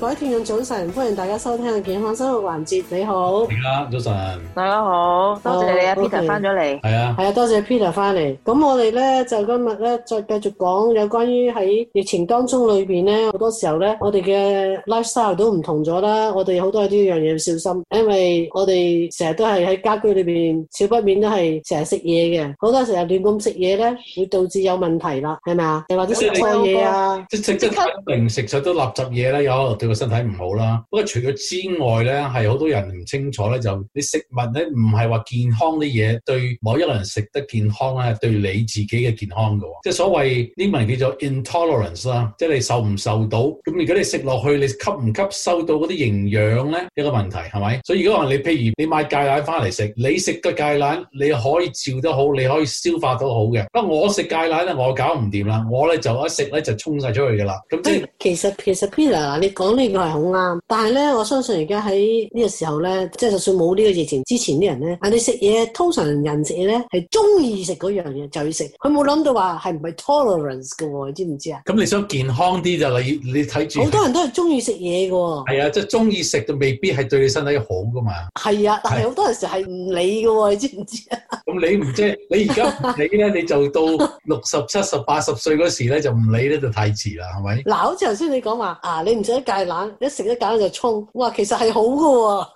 改天啊！早晨，歡迎大家收聽《健康生活環節》。你好，好啦，早晨，大家好多謝你啊，Peter 翻咗嚟，係啊，係啊，多謝 Peter 翻嚟。咁我哋咧就今日咧再繼續講有關於喺疫情當中裏邊咧好多時候咧，我哋嘅 lifestyle 都唔同咗啦。我哋好多呢樣嘢要小心，因為我哋成日都係喺家居裏邊，少不免都係成日食嘢嘅，好多時候亂咁食嘢咧，會導致有問題啦，係咪啊？又或者食錯嘢啊？即即即零食上都垃圾嘢啦，有。個身體唔好啦，不過除咗之外咧，係好多人唔清楚咧，就你食物咧唔係話健康啲嘢，對某一個人食得健康咧，對你自己嘅健康噶，即係所謂呢樣叫做 intolerance 啦，即係你受唔受到，咁如果你食落去，你吸唔吸收到嗰啲營養咧，有一個問題，係咪？所以如果話你，譬如你買芥蘭翻嚟食，你食個芥蘭你可以照得好，你可以消化到好嘅，不過我食芥蘭咧，我，我搞唔掂啦，我咧就一食咧就沖晒出去噶啦，咁即係其實其實 Peter 你講。呢個係好啱，但係咧，我相信而家喺呢個時候咧，即係就算冇呢個疫情之前啲人咧，啊，你食嘢通常人食嘢咧係中意食嗰樣嘢就要食，佢冇諗到話係唔係 tolerance 嘅喎，你知唔知啊？咁你想健康啲就，你你睇住好多人都係中意食嘢嘅喎。係啊，即係中意食就未必係對你身體好噶嘛。係啊，但係好多時係唔理嘅喎，你知唔知啊？咁你唔知，你而家你咧， 你就到六十七、十八十歲嗰時咧，就唔理咧就太遲啦，係咪？嗱，好似頭先你講話啊，你唔使戒。冷一食一揀就衝，哇其實係好嘅喎。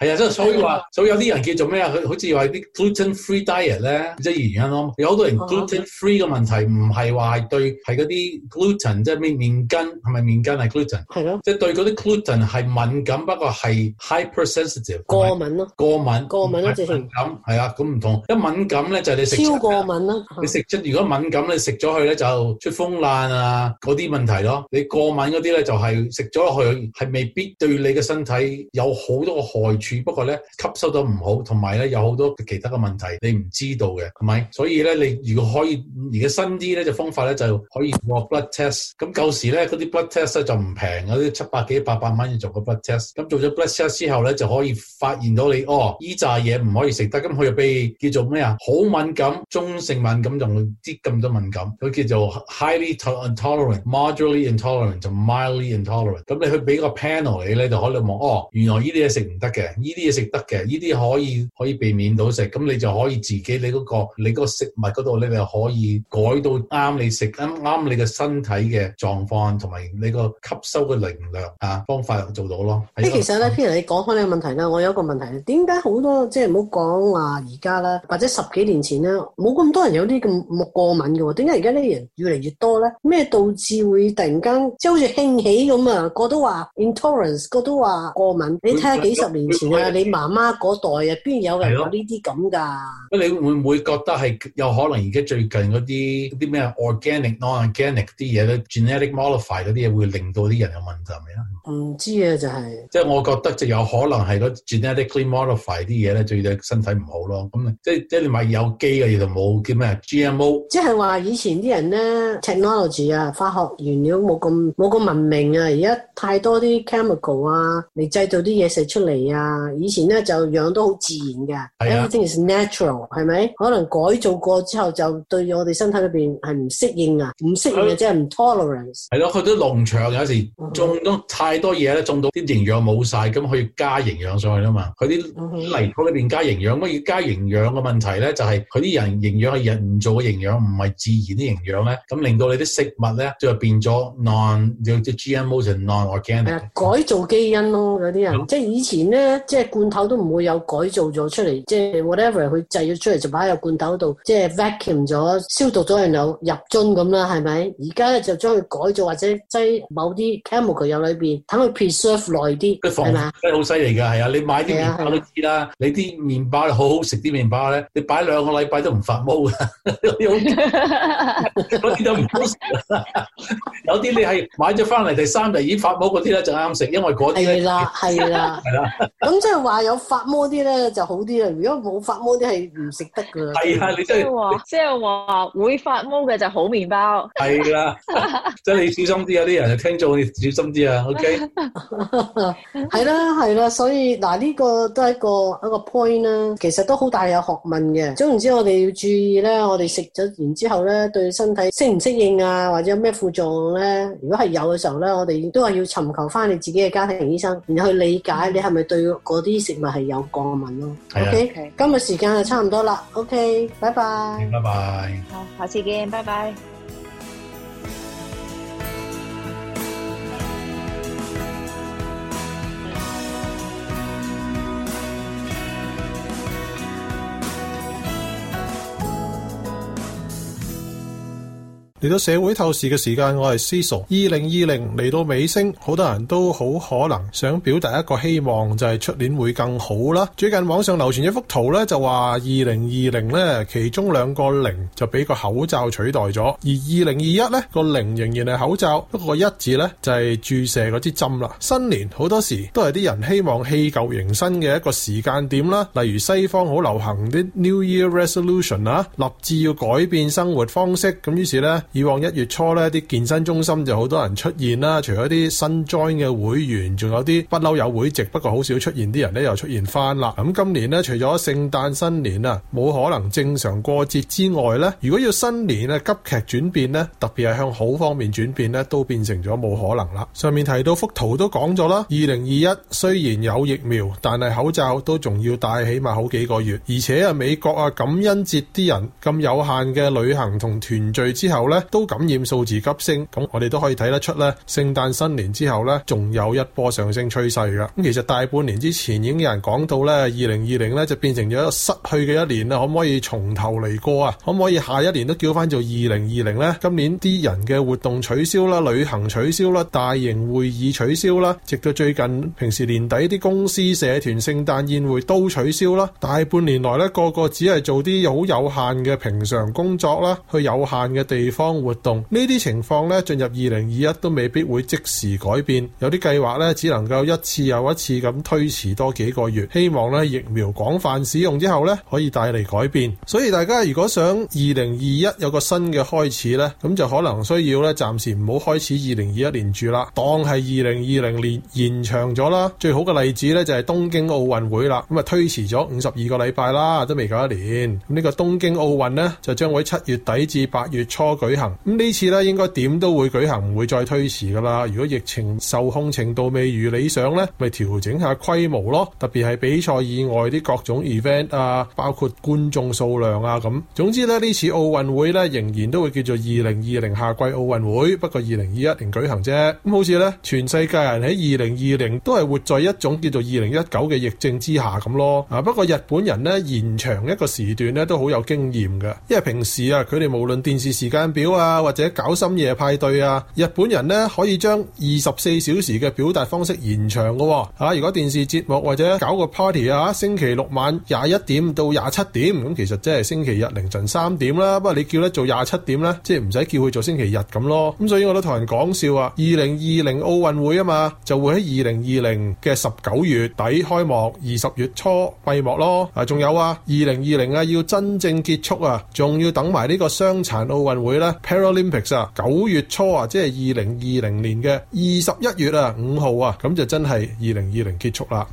係啊，所以話所以有啲人叫做咩啊？佢好似話啲 gluten-free diet 咧，即係原因咯。有好多人 gluten-free 嘅問題唔係話係對係嗰啲 gluten，即係咩麵筋，係咪麵筋係 gluten？係咯，即係對嗰啲 gluten 係敏感，不過係 hyper sensitive 過敏咯。過敏過敏咯，即係敏感，係啊，咁唔同一敏感咧就你食超過敏咯。你食即係如果敏感咧食咗去咧就出風爛啊嗰啲問題咯。你過敏嗰啲咧就係食咗。佢係未必對你嘅身體有好多個害處，不過咧吸收到唔好，同埋咧有好多其他嘅問題你唔知道嘅，係咪？所以咧，你如果可以而家新啲咧就方法咧就可以做 blood test。咁舊時咧嗰啲 blood test 咧就唔平啲七百幾八百蚊要做個 blood test。咁做咗 blood test 之後咧就可以發現到你哦，依紮嘢唔可以食得。咁佢又俾叫做咩啊？好敏感、中性敏感，仲會啲咁多敏感，佢叫做 highly intolerant、moderately intolerant、就 mildly intolerant 咁。你去俾個 panel 你咧，就可能望哦，原來呢啲嘢食唔得嘅，呢啲嘢食得嘅，呢啲可以可以避免到食，咁你就可以自己你嗰、嗰個你個食物嗰度你就可以改到啱你食，啱啱你嘅身體嘅狀況同埋你個吸收嘅能量啊方法就做到咯。其實咧、嗯、譬如你講開呢個問題咧，我有一個問題，點解好多，即係唔好講話而家啦，或者十幾年前咧，冇咁多人有啲咁過敏嘅喎？點解而家啲人越嚟越多咧？咩導致會突然間即係好似興起咁啊？都話 intolerance，個都話過敏。你睇下幾十年前啊，你媽媽嗰代啊，邊有人有呢啲咁㗎？你會唔會覺得係有可能而家最近嗰啲啲咩 organic, non-organic、non-organic 啲嘢 genetic modify 嗰啲嘢會令到啲人有問題啊？唔知啊，就係、是、即係我覺得就有可能係嗰 genetically modify 啲嘢咧，對隻身體唔好咯。咁即即係你買有機嘅嘢就冇叫咩 GMO？即係話以前啲人咧，technology 啊，化學原料冇咁冇咁文明啊，而家。太多啲 chemical 啊，你製造啲嘢食出嚟啊！以前咧就養都好自然嘅 e v e r y n a t u r a l 係咪？可能改造過之後，就對我哋身體裏邊係唔適應啊，唔適應嘅即係唔 tolerance。係咯，佢啲農場有時種咗太多嘢咧，種到啲營養冇晒，咁佢加營養上去啦嘛。佢啲泥土裏邊加營養、就是，不過要加營養嘅問題咧，就係佢啲人營養係人唔做嘅營養，唔係自然啲營養咧，咁令到你啲食物咧就變咗 non g m 係啊、改造基因咯，嗰啲人即係以前咧，即係罐頭都唔會有改造咗出嚟，即係 whatever 佢製咗出嚟就擺喺個罐頭度，即係 vacuum 咗、消毒咗然後入樽咁啦，係咪？而家咧就將佢改造或者擠某啲 chemical 入裏邊，等佢 preserve 耐啲。佢防腐劑好犀利㗎，係啊！你買啲麵包都知啦、啊啊，你啲麵包好好食啲麵包咧，你擺兩個禮拜都唔發毛㗎，啲 害 都唔好食。 有啲你係買咗翻嚟第三第已經發毛嗰啲咧就啱食，因為嗰啲係啦係啦係啦。咁即係話有發毛啲咧就好啲啦。如果冇發毛啲係唔食得㗎。係啊，你即係即係話會發毛嘅就好麵包。係啦，即 係 你小心啲有啲人就聽咗你小心啲啊。OK，係啦係啦，所以嗱呢、這個都係一個一個 point 啦。其實都好大有學問嘅。總言之，我哋要注意呢，我哋食咗然之後咧，對身體適唔適應啊？或者有咩副作用？咧，如果係有嘅時候咧，我哋亦都係要尋求翻你自己嘅家庭醫生，然後去理解你係咪對嗰啲食物係有過敏咯。Okay? OK，今日時間就差唔多啦。OK，拜拜。拜拜。好，下次見。拜拜。嚟到社會透視嘅時間，我係思熟。二零二零嚟到尾聲，好多人都好可能想表達一個希望，就係、是、出年會更好啦。最近網上流傳一幅圖咧，就話二零二零咧，其中兩個零就俾個口罩取代咗，而二零二一咧個零仍然係口罩，不過一,一字咧就係、是、注射嗰支針啦。新年好多時都係啲人希望棄舊迎新嘅一個時間點啦，例如西方好流行啲 New Year Resolution 啊，立志要改變生活方式，咁於是咧。以往一月初咧，啲健身中心就好多人出現啦，除咗啲新 join 嘅會員，仲有啲不嬲有會籍，不過好少出現啲人咧，又出現翻啦。咁今年咧，除咗聖誕新年啊，冇可能正常過節之外咧，如果要新年啊急劇轉變咧，特別係向好方面轉變咧，都變成咗冇可能啦。上面提到幅圖都講咗啦，二零二一雖然有疫苗，但係口罩都仲要戴起碼好幾個月，而且啊美國啊感恩節啲人咁有限嘅旅行同團聚之後咧。都感染數字急升，咁我哋都可以睇得出咧。聖誕新年之後咧，仲有一波上升趨勢噶。咁其實大半年之前已經有人講到咧，二零二零咧就變成咗一個失去嘅一年啦。可唔可以從頭嚟過啊？可唔可以下一年都叫翻做二零二零呢？今年啲人嘅活動取消啦，旅行取消啦，大型會議取消啦，直到最近平時年底啲公司社團聖誕宴會都取消啦。大半年來咧，個個只係做啲好有限嘅平常工作啦，去有限嘅地方。當活動呢啲情況咧，進入二零二一都未必會即時改變，有啲計劃咧只能夠一次又一次咁推遲多幾個月，希望咧疫苗廣泛使用之後咧可以帶嚟改變。所以大家如果想二零二一有個新嘅開始咧，咁就可能需要咧暫時唔好開始二零二一年住啦，當係二零二零年延長咗啦。最好嘅例子咧就係東京奧運會啦，咁啊推遲咗五十二個禮拜啦，都未夠一年。呢個東京奧運咧就將會七月底至八月初舉。咁呢次咧，應該點都會舉行，唔會再推遲噶啦。如果疫情受控程度未如理想呢，咪調整下規模咯。特別係比賽以外啲各種 event 啊，包括觀眾數量啊咁。總之咧，呢次奧運會咧仍然都會叫做二零二零夏季奧運會，不過二零二一年舉行啫。咁、嗯、好似呢，全世界人喺二零二零都係活在一種叫做二零一九嘅疫症之下咁咯。啊，不過日本人呢，延長一個時段呢，都好有經驗嘅，因為平時啊，佢哋無論電視時間表。啊，或者搞深夜派對啊。日本人咧，可以將二十四小時嘅表達方式延長㗎。吓、哦啊、如果電視節目或者搞個 party 啊，星期六晚廿一點到廿七點咁、嗯、其實即係星期日凌晨三點啦。不過你叫得做廿七點咧，即係唔使叫佢做星期日咁咯。咁所以我都同人講笑啊，二零二零奧運會啊嘛，就會喺二零二零嘅十九月底開幕，二十月初閉幕咯。啊，仲有啊，二零二零啊要真正結束啊，仲要等埋呢個傷殘奧運會咧。Paralympics 啊，九月初啊，即係二零二零年嘅二十一月啊，五號啊，咁就真係二零二零結束啦。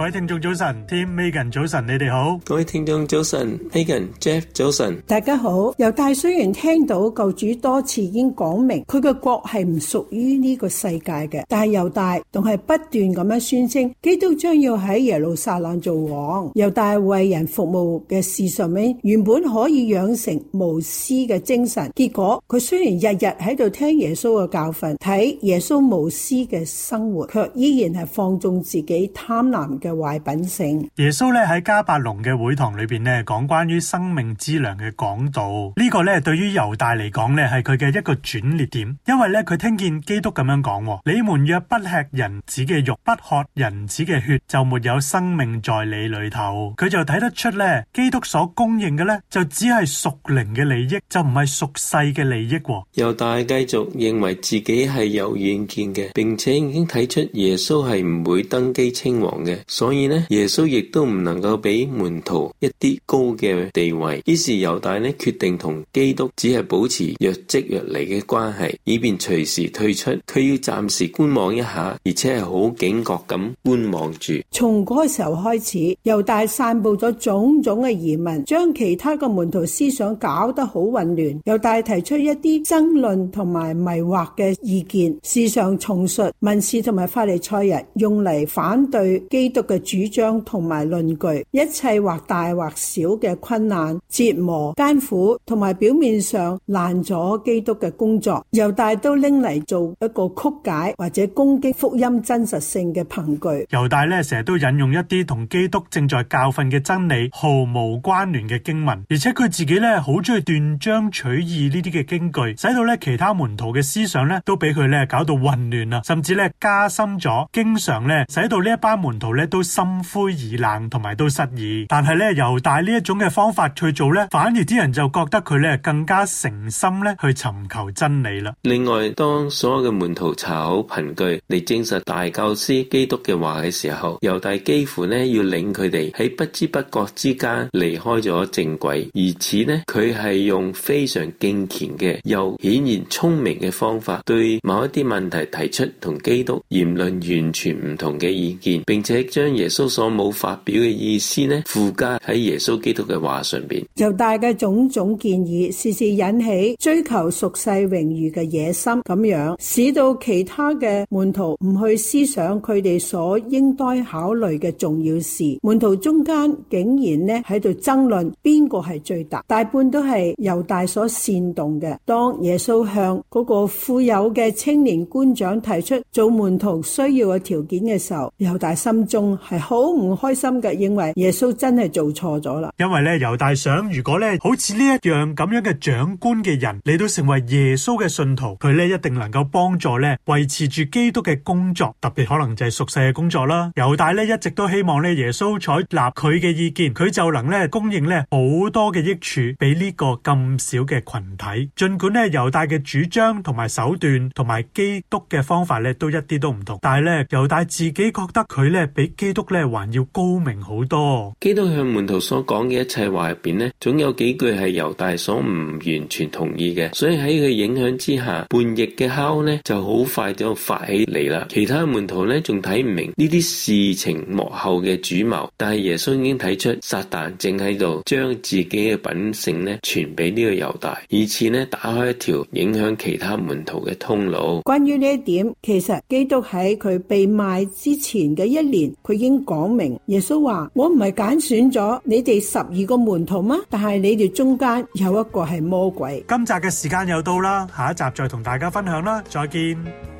各位聽眾早晨，Tim Megan 早晨，你哋好。各位聽眾早晨 Megan Jeff 早晨，大家好。猶大雖然聽到舊主多次已經講明佢嘅國係唔屬於呢個世界嘅，但係猶大仲係不斷咁樣宣稱基督將要喺耶路撒冷做王。猶大為人服務嘅事上面，原本可以養成無私嘅精神，結果佢雖然日日喺度聽耶穌嘅教訓，睇耶穌無私嘅生活，卻依然係放縱自己貪婪嘅。壞品性。耶穌咧喺加百隆嘅會堂裏邊咧講關於生命之糧嘅講道，呢個咧對於猶大嚟講咧係佢嘅一個轉捩點，因為咧佢聽見基督咁樣講：你們若不吃人子嘅肉，不喝人子嘅血，就沒有生命在你裏頭。佢就睇得出咧，基督所供應嘅咧就只係屬靈嘅利益，就唔係屬世嘅利益。猶大繼續認為自己係有遠見嘅，並且已經睇出耶穌係唔會登基稱王嘅。所以呢，耶穌亦都唔能夠俾門徒一啲高嘅地位，於是猶大呢，決定同基督只係保持若即若離嘅關係，以便隨時退出。佢要暫時觀望一下，而且係好警覺咁觀望住。從嗰個時候開始，猶大散布咗種種嘅疑問，將其他個門徒思想搞得好混亂。猶大提出一啲爭論同埋迷惑嘅意見，時常重述文士同埋法利賽人用嚟反對基督嘅主張同埋論據，一切或大或小嘅困難、折磨、艱苦，同埋表面上爛咗基督嘅工作，猶大都拎嚟做一個曲解或者攻擊福音真實性嘅憑據。猶大咧成日都引用一啲同基督正在教訓嘅真理毫無關聯嘅經文，而且佢自己咧好中意斷章取義呢啲嘅經句，使到咧其他門徒嘅思想咧都俾佢咧搞到混亂啦，甚至咧加深咗，經常咧使到呢一班門徒咧都。心灰意冷同埋都失意，但係咧猶大呢一種嘅方法去做咧，反而啲人就覺得佢咧更加誠心咧去尋求真理啦。另外，當所有嘅門徒查好憑據嚟證實大教師基督嘅話嘅時候，猶大幾乎咧要領佢哋喺不知不覺之間離開咗正軌，而此呢，佢係用非常敬虔嘅又顯然聰明嘅方法，對某一啲問題提出同基督言論完全唔同嘅意見，並且將。耶穌所冇發表嘅意思呢，附加喺耶穌基督嘅話上邊，猶大嘅種種建議，時時引起追求俗世榮譽嘅野心，咁樣使到其他嘅門徒唔去思想佢哋所應該考慮嘅重要事。門徒中間竟然呢喺度爭論邊個係最大，大半都係猶大所煽動嘅。當耶穌向嗰個富有嘅青年官長提出做門徒需要嘅條件嘅時候，猶大心中，係好唔開心嘅，認為耶穌真係做錯咗啦。因為咧，猶大想如果咧，好似呢一樣咁樣嘅長官嘅人，嚟到成為耶穌嘅信徒，佢咧一定能夠幫助咧維持住基督嘅工作，特別可能就係俗世嘅工作啦。猶大咧一直都希望咧耶穌採納佢嘅意見，佢就能咧供應咧好多嘅益處俾呢個咁小嘅群體。儘管咧猶大嘅主張同埋手段同埋基督嘅方法咧都一啲都唔同，但係咧猶大自己覺得佢咧基督咧還要高明好多。基督向門徒所講嘅一切話入邊呢，總有幾句係猶大所唔完全同意嘅，所以喺佢影響之下，叛逆嘅酵呢就好快就發起嚟。啦其他門徒呢仲睇唔明呢啲事情幕後嘅主謀，但係耶穌已經睇出撒旦正喺度將自己嘅品性呢傳俾呢個猶大，以此呢打開一條影響其他門徒嘅通路。關於呢一點，其實基督喺佢被賣之前嘅一年。佢已經講明，耶穌話：我唔係揀選咗你哋十二個門徒咩？但係你哋中間有一個係魔鬼。今集嘅時間又到啦，下一集再同大家分享啦，再見。